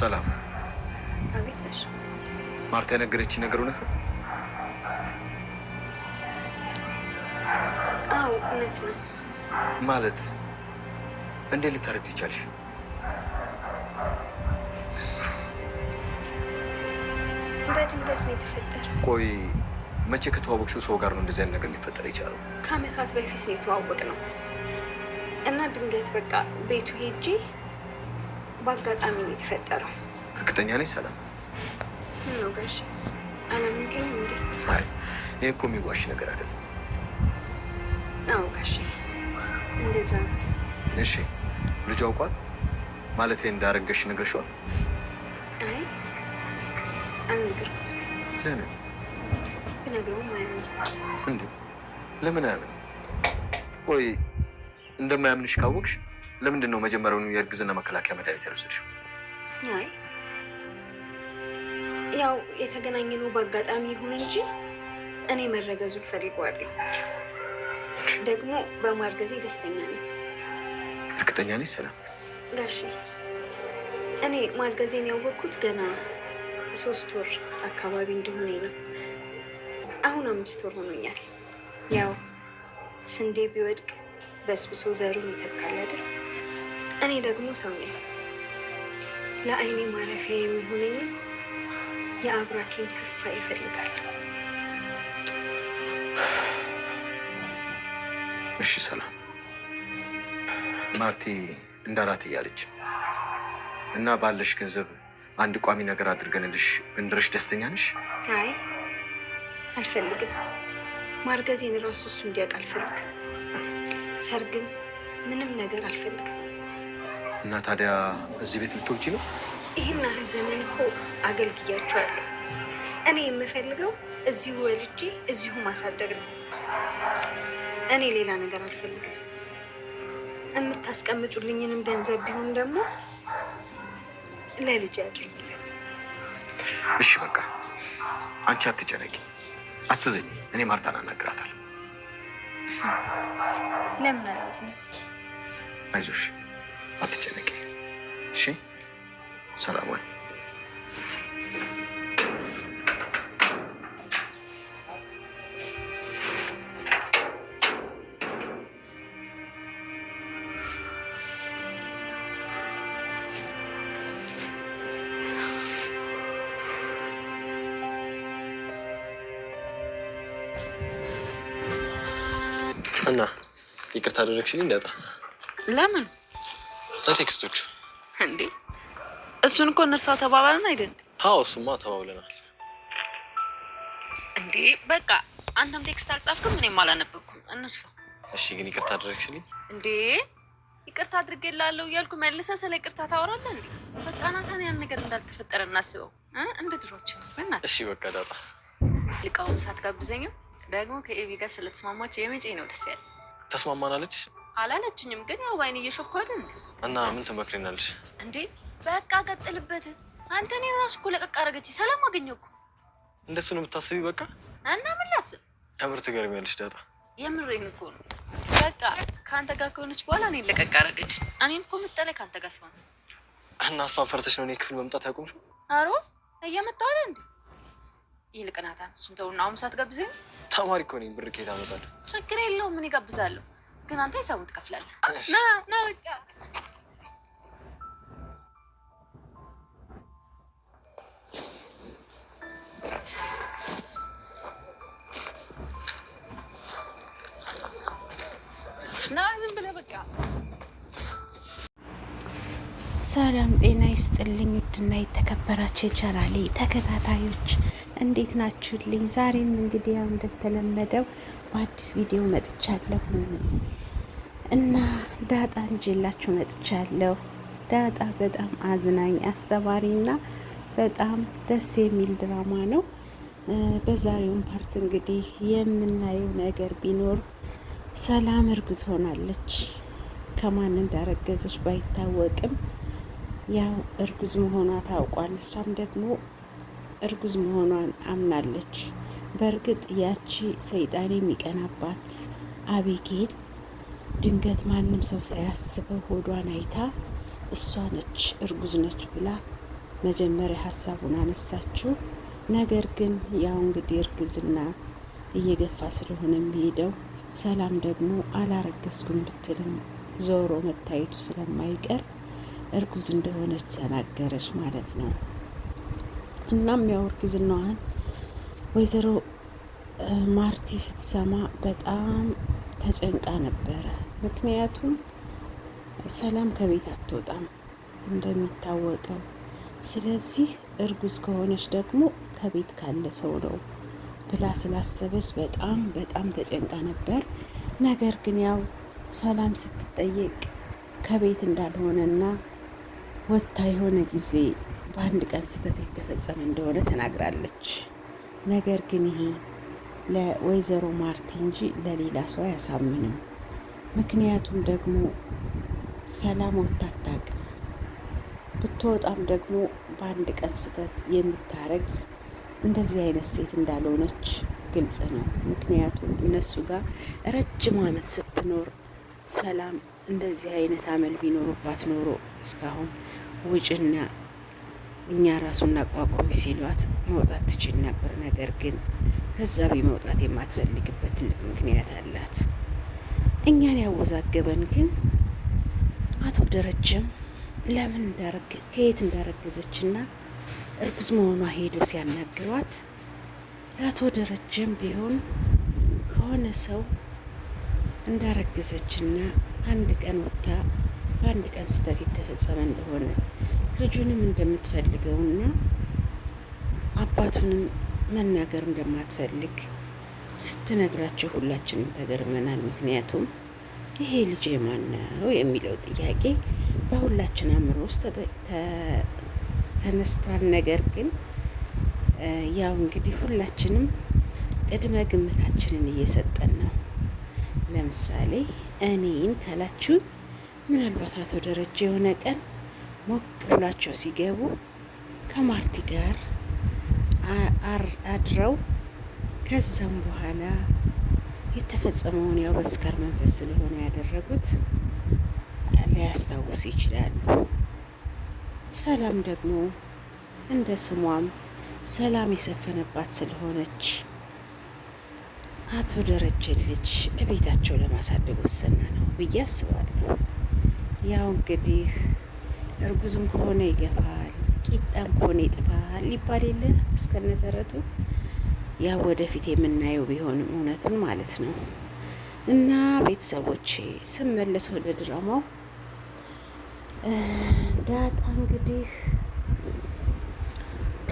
ሰላም። አቤት። ነሽ ማርታ የነገረችኝ ነገር እውነት ነው? አዎ እውነት ነው። ማለት እንዴት ልታረግዝ ይቻልሽ? በድንገት ነው የተፈጠረ። ቆይ መቼ ከተዋወቅሽው ሰው ጋር ነው እንደዚህ አይነት ነገር ሊፈጠር የቻለው? ከአመታት በፊት ነው የተዋወቅ ነው እና ድንገት በቃ ቤቱ ሄጄ በአጋጣሚ ነው የተፈጠረው። እርግጠኛ ነች? ሰላም። ምነው ጋሽ አለምንገኝ እንዴ? አይ ይህ እኮ የሚዋሽ ነገር አይደለም። አዎ ጋሽ እንደዛ ነው። እሺ ልጅ አውቋል ማለት እንዳረገሽ ነግረሽዋል? አይ አልነገርኩትም። ለምን ብነግረውም አያምንም። እንዴ ለምን አያምን? ቆይ እንደማያምንሽ ካወቅሽ ለምንድን ነው መጀመሪያውኑ የእርግዝና መከላከያ መድኃኒት ያልወሰድሽው? አይ ያው የተገናኘ ነው በአጋጣሚ ይሁን እንጂ እኔ መረገዙን ፈልገዋለሁ። ደግሞ በማርገዜ ደስተኛ ነኝ። እርግጠኛ ነኝ። ሰላም ጋሼ፣ እኔ ማርገዜን ያወቅኩት ገና ሶስት ወር አካባቢ እንደሆነ ነው። አሁን አምስት ወር ሆኖኛል። ያው ስንዴ ቢወድቅ በስብሶ ዘሩን ይተካል አይደል? እኔ ደግሞ ሰው ነኝ። ለአይኔ ማረፊያ የሚሆነኝ የአብራኬን ክፋ ይፈልጋል። እሺ ሰላም። ማርቲ እንዳራት እያለች እና ባለሽ ገንዘብ አንድ ቋሚ ነገር አድርገንልሽ ብንድረሽ ደስተኛ ነሽ? አይ አልፈልግም። ማርገዜን ራሱ እሱ እንዲያውቅ አልፈልግም። ሰርግም ምንም ነገር አልፈልግም። እና ታዲያ እዚህ ቤት ልትወጪ ነው? ይህን ያህል ዘመን እኮ አገልግያቸዋለሁ። እኔ የምፈልገው እዚሁ ወልጄ እዚሁ ማሳደግ ነው። እኔ ሌላ ነገር አልፈልግም። የምታስቀምጡልኝንም ገንዘብ ቢሆን ደግሞ ለልጅ ያድርጉለት። እሺ በቃ አንቺ አትጨነቂ፣ አትዘኝ። እኔ ማርታን አናግራታለሁ። ለምን አላዝንም? አይዞሽ አትጨነቂ። እሺ፣ ሰላም እና ይቅርታ አደረግሽልኝ ዳጣ። ለምን? ቴክስቶች እንዴ? እሱን እኮ እንርሳው ተባባልን አይደል? አዎ እሱማ ተባብለናል። እንዴ በቃ አንተም ቴክስት አልጻፍክም፣ እኔም አላነበብኩም። እንርሳው እሺ። ግን ይቅርታ አድረግሽልኝ እንዴ? ይቅርታ አድርጌላለሁ እያልኩ መልሰ ስለ ይቅርታ ታወራለህ እንዴ? በቃ ናታን ያን ነገር እንዳልተፈጠረ እናስበው እንደ ነው። ምና። እሺ በቃ ዳጣ ልቃውን ሳትጋብዘኝም ደግሞ ከኤቢ ጋር ስለተስማማች የመጪ ነው ደስ ያለ ተስማማናለች። አላለችኝም፣ ግን ያው ባይን እየሾፍኩ አይደል እንዴ? እና ምን ትመክሬናለሽ እንዴ? በቃ ቀጥልበት። አንተ እኔን ራሱ እኮ ለቀቅ አደረገች። ሰላም አገኘሁ እኮ። እንደሱ ነው የምታስቢ? በቃ እና ምን ላስብ? ከምር ትገርሚያለሽ ዳጣ፣ የምሬን እኮ ነው። በቃ ከአንተ ጋር ከሆነች በኋላ እኔን ለቀቅ አደረገች። እኔን እኮ የምጠላኝ ከአንተ ጋር ስሆን እና እሷን ፈርተሽ ነው እኔ ክፍል መምጣት ያቆምሽው? አሮ እየመጣሁ አለ እንዴ? ይልቅ ናታን እሱን ተውና አሁን ሰዓት ጋብዘኝ። ተማሪ እኮ ነኝ፣ ብር ከየት አመጣለሁ? ችግር የለውም ምን ይጋብዛለሁ ግን አንተ ሂሳቡን ትከፍላለህ። ሰላም ጤና ይስጥልኝ። ውድና የተከበራችሁ የቻናሌ ተከታታዮች እንዴት ናችሁልኝ? ዛሬም እንግዲህ ያው እንደተለመደው በአዲስ ቪዲዮ መጥቻለሁ። እና ዳጣ እንጂላችሁ መጥቻለሁ። ዳጣ በጣም አዝናኝ አስተማሪና በጣም ደስ የሚል ድራማ ነው። በዛሬውን ፓርት እንግዲህ የምናየው ነገር ቢኖር ሰላም እርጉዝ ሆናለች። ከማን እንዳረገዘች ባይታወቅም ያው እርጉዝ መሆኗ ታውቋል። እሷም ደግሞ እርጉዝ መሆኗን አምናለች። በእርግጥ ያቺ ሰይጣን የሚቀናባት አቤጌል ድንገት ማንም ሰው ሳያስበው ሆዷን አይታ እሷ ነች እርጉዝ ነች ብላ መጀመሪያ ሀሳቡን አነሳችው። ነገር ግን ያው እንግዲህ እርግዝና እየገፋ ስለሆነ የሚሄደው ሰላም ደግሞ አላረገዝኩም ብትልም ዞሮ መታየቱ ስለማይቀር እርጉዝ እንደሆነች ተናገረች ማለት ነው። እናም ያው እርግዝናዋን ወይዘሮ ማርቲ ስትሰማ በጣም ተጨንቃ ነበረ። ምክንያቱም ሰላም ከቤት አትወጣም እንደሚታወቀው። ስለዚህ እርጉዝ ከሆነች ደግሞ ከቤት ካለ ሰው ነው ብላ ስላሰበች በጣም በጣም ተጨንቃ ነበር። ነገር ግን ያው ሰላም ስትጠየቅ ከቤት እንዳልሆነና ወታ የሆነ ጊዜ በአንድ ቀን ስህተት የተፈጸመ እንደሆነ ተናግራለች። ነገር ግን ይሄ ለወይዘሮ ማርቲ እንጂ ለሌላ ሰው አያሳምንም። ምክንያቱም ደግሞ ሰላም ወታታቅ ብትወጣም ደግሞ በአንድ ቀን ስህተት የምታረግዝ እንደዚህ አይነት ሴት እንዳልሆነች ግልጽ ነው። ምክንያቱም እነሱ ጋር ረጅም ዓመት ስትኖር ሰላም እንደዚህ አይነት አመል ቢኖሩባት ኖሮ እስካሁን ውጭና እኛ ራሱና አቋቋሚ ሲሏት መውጣት ትችል ነበር። ነገር ግን ከዛ ቢመውጣት የማትፈልግበት ትልቅ ምክንያት አላት። እኛን ያወዛገበን ግን አቶ ደረጀም ለምን እንዳረግ ከየት እንዳረገዘችና እርጉዝ መሆኗ ሄዶ ሲያናግሯት ለአቶ ደረጀም ቢሆን ከሆነ ሰው እንዳረገዘችና አንድ ቀን ወጥታ በአንድ ቀን ስህተት የተፈጸመ እንደሆነ ልጁንም እንደምትፈልገውና አባቱንም መናገር እንደማትፈልግ ስትነግራቸው ሁላችንም ተገርመናል። ምክንያቱም ይሄ ልጅ የማን ነው የሚለው ጥያቄ በሁላችን አእምሮ ውስጥ ተነስቷል። ነገር ግን ያው እንግዲህ ሁላችንም ቅድመ ግምታችንን እየሰጠን ነው። ለምሳሌ እኔን ካላችሁ ምናልባት አቶ ደረጀ የሆነ ቀን ሞቅ ብሏቸው ሲገቡ ከማርቲ ጋር አድረው ከዛም በኋላ የተፈጸመውን ያው በስካር መንፈስ ስለሆነ ያደረጉት ሊያስታውሱ ይችላሉ። ሰላም ደግሞ እንደ ስሟም ሰላም የሰፈነባት ስለሆነች አቶ ደረጀን ልጅ እቤታቸው ለማሳደግ ወሰና ነው ብዬ አስባለሁ። ያው እንግዲህ እርጉዝም ከሆነ ይገፋል፣ ቂጣም ከሆነ ይጥፋል ይባል የለ እስከነተረቱ ያ ወደፊት የምናየው ቢሆንም እውነቱን ማለት ነው። እና ቤተሰቦች ስመለስ ወደ ድራማው ዳጣ እንግዲህ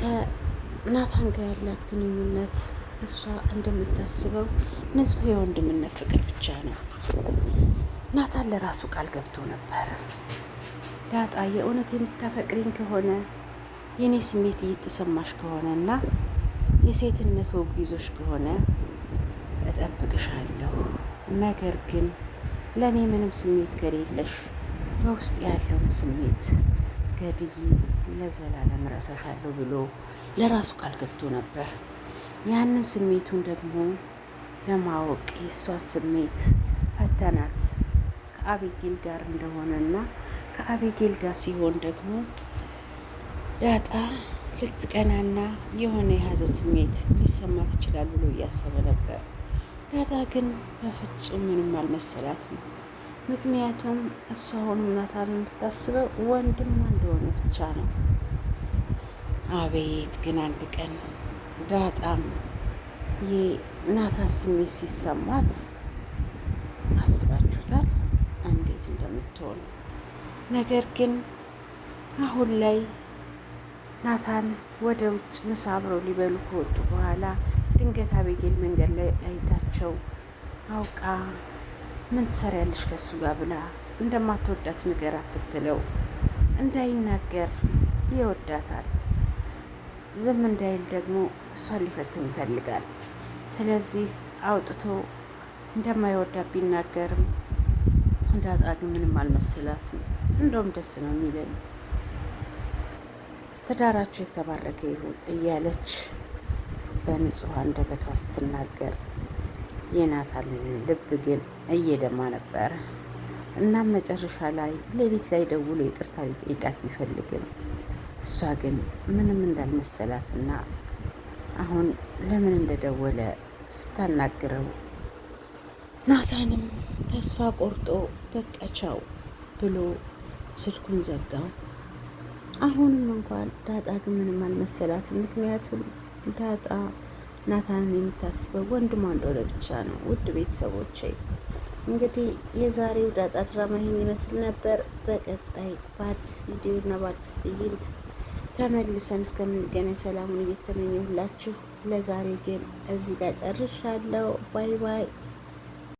ከናታን ጋር ያላት ግንኙነት እሷ እንደምታስበው ንጹህ የወንድምነት ፍቅር ብቻ ነው። ናታን ለራሱ ቃል ገብቶ ነበር። ዳጣ የእውነት የምታፈቅሪኝ ከሆነ የእኔ ስሜት እየተሰማሽ ከሆነ እና የሴትነት ወግ ይዞሽ ከሆነ እጠብቅሻለሁ። ነገር ግን ለእኔ ምንም ስሜት ከሌለሽ በውስጥ ያለውን ስሜት ገድይ ለዘላለም ረሳሻለሁ ብሎ ለራሱ ቃል ገብቶ ነበር። ያንን ስሜቱን ደግሞ ለማወቅ የእሷን ስሜት ፈተናት ከአቤጌል ጋር እንደሆነና ከአቤጌል ጋር ሲሆን ደግሞ ዳጣ ልትቀናና የሆነ የሀዘን ስሜት ሊሰማት ይችላል ብሎ እያሰበ ነበር። ዳጣ ግን በፍጹም ምንም አልመሰላትም። ምክንያቱም እሷ አሁንም ናታንን የምታስበው ወንድሟ እንደሆነ ብቻ ነው። አቤት ግን አንድ ቀን ዳጣም የናታን ስሜት ሲሰማት አስባችሁታል እንዴት እንደምትሆን ነገር ግን አሁን ላይ ናታን ወደ ውጭ ምሳ አብረው ሊበሉ ከወጡ በኋላ ድንገት አቤጌል መንገድ ላይ አይታቸው አውቃ ምን ትሰሪያለሽ ከሱ ጋር ብላ እንደማትወዳት ንገራት ስትለው እንዳይናገር ይወዳታል። ዝም እንዳይል ደግሞ እሷን ሊፈትን ይፈልጋል። ስለዚህ አውጥቶ እንደማይወዳት ቢናገርም እንዳጣ ግን ምንም አልመሰላትም። እንደውም ደስ ነው የሚለኝ ትዳራቸው የተባረከ ይሁን እያለች በንጹህ አንደበቷ ስትናገር የናታን ልብ ግን እየደማ ነበር እናም መጨረሻ ላይ ሌሊት ላይ ደውሎ ይቅርታ ሊጠይቃት ቢፈልግም እሷ ግን ምንም እንዳልመሰላትና አሁን ለምን እንደደወለ ስታናግረው ናታንም ተስፋ ቆርጦ በቃ ቻው ብሎ ስልኩን ዘጋው። አሁንም እንኳን ዳጣ ግን ምንም አልመሰላትም። ምክንያቱም ዳጣ ናታንን የምታስበው ወንድሟ እንደሆነ ብቻ ነው። ውድ ቤተሰቦቼ እንግዲህ የዛሬው ዳጣ ድራማ ይህን ይመስል ነበር። በቀጣይ በአዲስ ቪዲዮ እና በአዲስ ትዕይንት ተመልሰን እስከምንገናኝ ሰላሙን እየተመኘሁላችሁ ለዛሬ ግን እዚህ ጋር ጨርሻለሁ። ባይ ባይ።